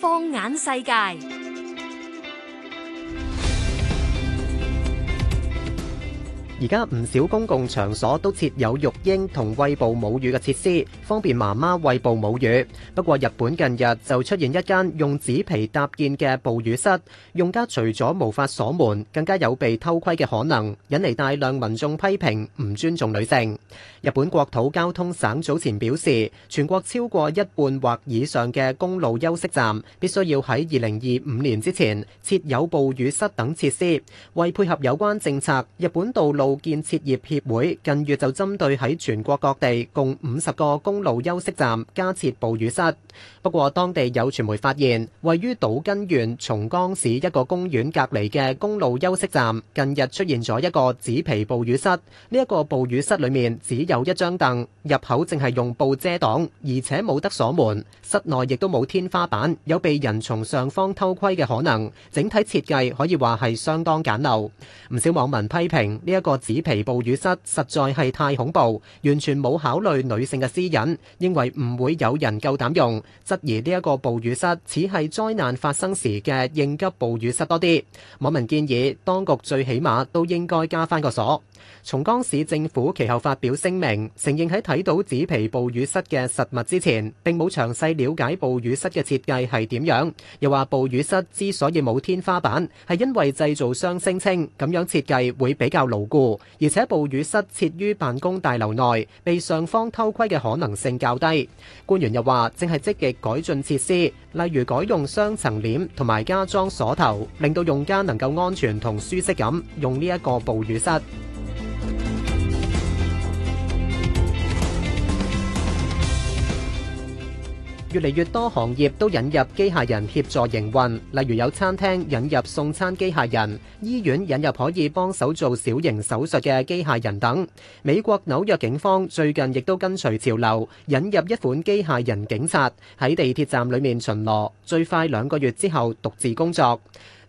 放眼世界。而家唔少公共場所都設有育嬰同餵哺母乳嘅設施，方便媽媽餵哺母乳。不過，日本近日就出現一間用紙皮搭建嘅哺乳室，用家除咗無法鎖門，更加有被偷窺嘅可能，引嚟大量民眾批評唔尊重女性。日本國土交通省早前表示，全國超過一半或以上嘅公路休息站必須要喺2025年之前設有哺乳室等設施。為配合有關政策，日本道路建設業協會近月就針對喺全國各地共五十個公路休息站加設哺乳室，不過當地有傳媒發現，位於島根縣松江市一個公園隔籬嘅公路休息站，近日出現咗一個紙皮哺乳室。呢、這、一個哺乳室裏面只有一張凳，入口淨係用布遮擋，而且冇得鎖門，室內亦都冇天花板，有被人從上方偷窺嘅可能。整體設計可以話係相當簡陋。唔少網民批評呢一、這個。紙皮哺乳室實在係太恐怖，完全冇考慮女性嘅私隱，認為唔會有人夠膽用。質疑呢一個哺乳室似係災難發生時嘅應急哺乳室多啲。網民建議當局最起碼都應該加翻個鎖。松江市政府其後發表聲明，承認喺睇到紙皮哺乳室嘅實物之前，並冇詳細了解哺乳室嘅設計係點樣，又話哺乳室之所以冇天花板，係因為製造商聲稱咁樣設計會比較牢固。而且哺乳室設於辦公大樓內，被上方偷窺嘅可能性較低。官員又話，正係積極改進設施，例如改用雙層簾同埋加裝鎖頭，令到用家能夠安全同舒適咁用呢一個哺乳室。越嚟越多行業都引入機械人協助營運，例如有餐廳引入送餐機械人，醫院引入可以幫手做小型手術嘅機械人等。美國紐約警方最近亦都跟隨潮流，引入一款機械人警察，喺地鐵站裏面巡邏，最快兩個月之後獨自工作。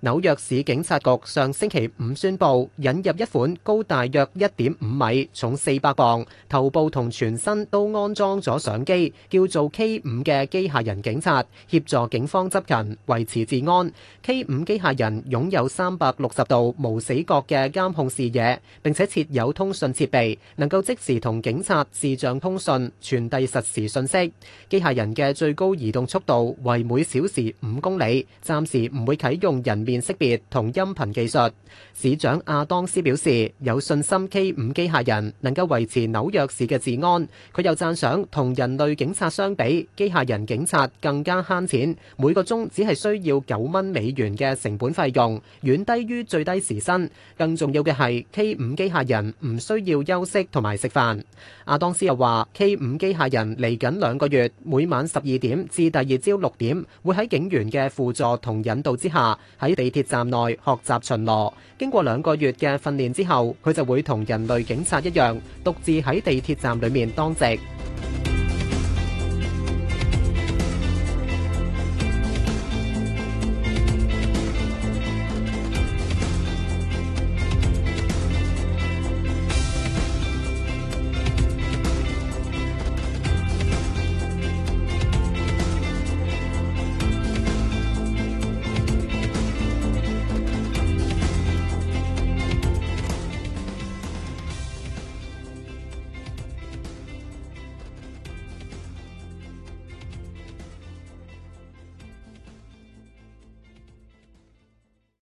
紐約市警察局上星期五宣布，引入一款高大約一點五米、重四百磅、頭部同全身都安裝咗相機，叫做 K 五嘅機械人警察，協助警方執勤，維持治安。K 五機械人擁有三百六十度無死角嘅監控視野，並且設有通訊設備，能夠即時同警察視像通訊，傳遞實時信息。機械人嘅最高移動速度為每小時五公里，暫時唔會啟用人面辨識別同音頻技術，市長阿當斯表示有信心 K 五機械人能夠維持紐約市嘅治安。佢又讚賞同人類警察相比，機械人警察更加慳錢，每個鐘只係需要九蚊美元嘅成本費用，遠低於最低時薪。更重要嘅係，K 五機械人唔需要休息同埋食飯。阿當斯又話：K 五機械人嚟緊兩個月，每晚十二點至第二朝六點，會喺警員嘅輔助同引導之下喺。地鐵站內學習巡邏，經過兩個月嘅訓練之後，佢就會同人類警察一樣，獨自喺地鐵站裏面當值。